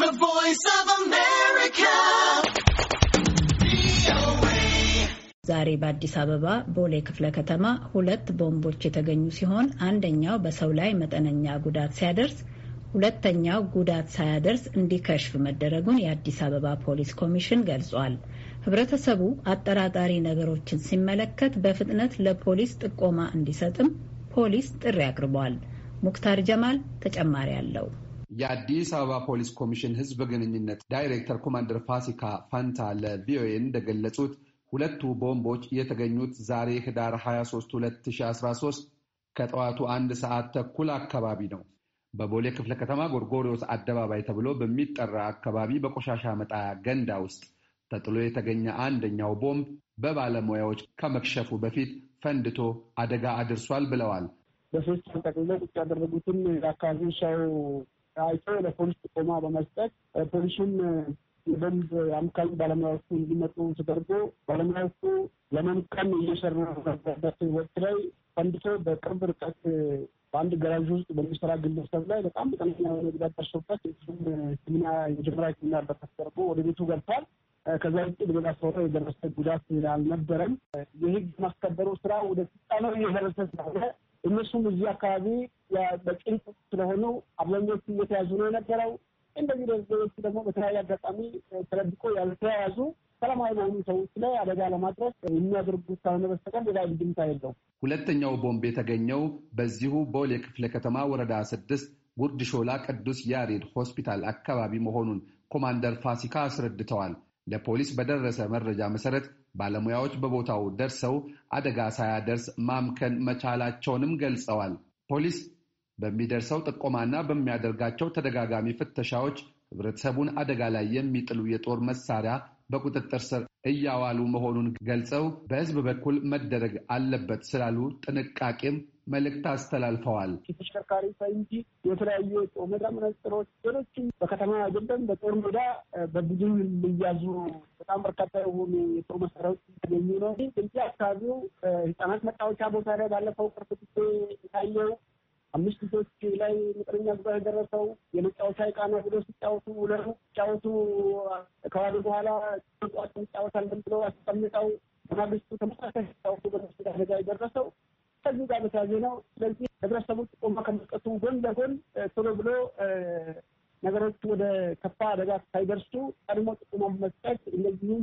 The Voice of America. ዛሬ በአዲስ አበባ ቦሌ ክፍለ ከተማ ሁለት ቦምቦች የተገኙ ሲሆን አንደኛው በሰው ላይ መጠነኛ ጉዳት ሲያደርስ ሁለተኛው ጉዳት ሳያደርስ እንዲከሽፍ መደረጉን የአዲስ አበባ ፖሊስ ኮሚሽን ገልጿል። ህብረተሰቡ አጠራጣሪ ነገሮችን ሲመለከት በፍጥነት ለፖሊስ ጥቆማ እንዲሰጥም ፖሊስ ጥሪ አቅርቧል። ሙክታር ጀማል ተጨማሪ አለው። የአዲስ አበባ ፖሊስ ኮሚሽን ህዝብ ግንኙነት ዳይሬክተር ኮማንደር ፋሲካ ፋንታ ለቪኦኤ እንደገለጹት ሁለቱ ቦምቦች የተገኙት ዛሬ ህዳር 23 2013 ከጠዋቱ አንድ ሰዓት ተኩል አካባቢ ነው። በቦሌ ክፍለ ከተማ ጎርጎሪዎስ አደባባይ ተብሎ በሚጠራ አካባቢ በቆሻሻ መጣያ ገንዳ ውስጥ ተጥሎ የተገኘ አንደኛው ቦምብ በባለሙያዎች ከመክሸፉ በፊት ፈንድቶ አደጋ አድርሷል ብለዋል። በሶስት ጠቅልለው ያደረጉትን የአካባቢው አይቶ ለፖሊስ ጥቆማ በመስጠት ፖሊሱም የደንብ አምካኝ ባለሙያዎቹ እንዲመጡ ተደርጎ ባለሙያዎቹ ለመምከን እየሰሩ ነበርበት ወቅት ላይ ፈንድቶ በቅርብ ርቀት በአንድ ገራዥ ውስጥ በሚሰራ ግለሰብ ላይ በጣም ጠነኛ የሆነ ጉዳት ደርሶበት እሱም ህክምና የመጀመሪያ ህክምና እርዳታ ተደርጎ ወደ ቤቱ ገብቷል። ከዛ ውጭ በሌላ ሰው ላይ የደረሰ ጉዳት አልነበረም። የህግ ማስከበሩ ስራ ወደ ስልጣነው እየደረሰ ስለሆነ እነሱም እዚህ አካባቢ በጭንቅ ስለሆኑ አብዛኞቹ እየተያዙ ነው የነበረው። እንደዚህ ደረሰኞቹ ደግሞ በተለያየ አጋጣሚ ተለብቆ ያልተያያዙ ሰላማዊ በሆኑ ሰዎች ላይ አደጋ ለማድረስ የሚያደርጉት ካልሆነ በስተቀር ሌላ ልጅምታ የለው። ሁለተኛው ቦምብ የተገኘው በዚሁ ቦሌ ክፍለ ከተማ ወረዳ ስድስት ጉርድ ሾላ ቅዱስ ያሬድ ሆስፒታል አካባቢ መሆኑን ኮማንደር ፋሲካ አስረድተዋል። ለፖሊስ በደረሰ መረጃ መሰረት ባለሙያዎች በቦታው ደርሰው አደጋ ሳያደርስ ማምከን መቻላቸውንም ገልጸዋል። ፖሊስ በሚደርሰው ጥቆማና በሚያደርጋቸው ተደጋጋሚ ፍተሻዎች ህብረተሰቡን አደጋ ላይ የሚጥሉ የጦር መሳሪያ በቁጥጥር ስር እያዋሉ መሆኑን ገልጸው በህዝብ በኩል መደረግ አለበት ስላሉ ጥንቃቄም መልእክት አስተላልፈዋል። የተሽከርካሪ ፈንጂ፣ የተለያዩ ጦመዳ መነጽሮች፣ ሌሎችም በከተማ አይደለም በጦር ሜዳ በብዙ ልያዙ በጣም በርካታ የሆኑ የጦር መሳሪያዎች የተገኙ ነው። በዚህ አካባቢው ህጻናት መጫወቻ ቦታ ላይ ባለፈው ቅርብ ጊዜ የታየው አምስት ልጆች ላይ ምጥረኛ ጉዳት የደረሰው የመጫወቻ እቃና ብሎ ሲጫወቱ ውለሩ ሲጫወቱ ከዋሉ በኋላ ጫወት ይጫወታል ብሎ አስቀምጠው በማግስቱ ተመሳሳይ ሲጫወቱ በደስ አደጋ የደረሰው ከዚህ ጋር በተያያዘ ነው። ስለዚህ ህብረተሰቡ ጥቆማ ከመስጠቱ ጎን ለጎን ቶሎ ብሎ ነገሮች ወደ ከፋ አደጋ ሳይደርሱ ቀድሞ ጥቆማ መስጠት እንደዚሁም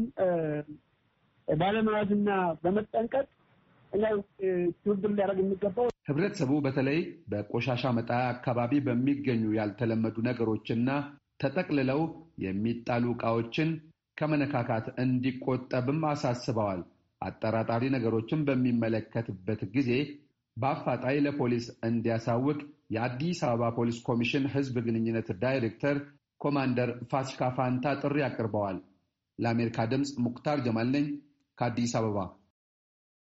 ባለመያዝና በመጠንቀቅ እኛ ሊያደርግ የሚገባው ህብረተሰቡ በተለይ በቆሻሻ መጣያ አካባቢ በሚገኙ ያልተለመዱ ነገሮችና ተጠቅልለው የሚጣሉ እቃዎችን ከመነካካት እንዲቆጠብም አሳስበዋል። አጠራጣሪ ነገሮችን በሚመለከትበት ጊዜ በአፋጣኝ ለፖሊስ እንዲያሳውቅ የአዲስ አበባ ፖሊስ ኮሚሽን ህዝብ ግንኙነት ዳይሬክተር ኮማንደር ፋሲካ ፋንታ ጥሪ አቅርበዋል። ለአሜሪካ ድምፅ ሙክታር ጀማል ነኝ ከአዲስ አበባ።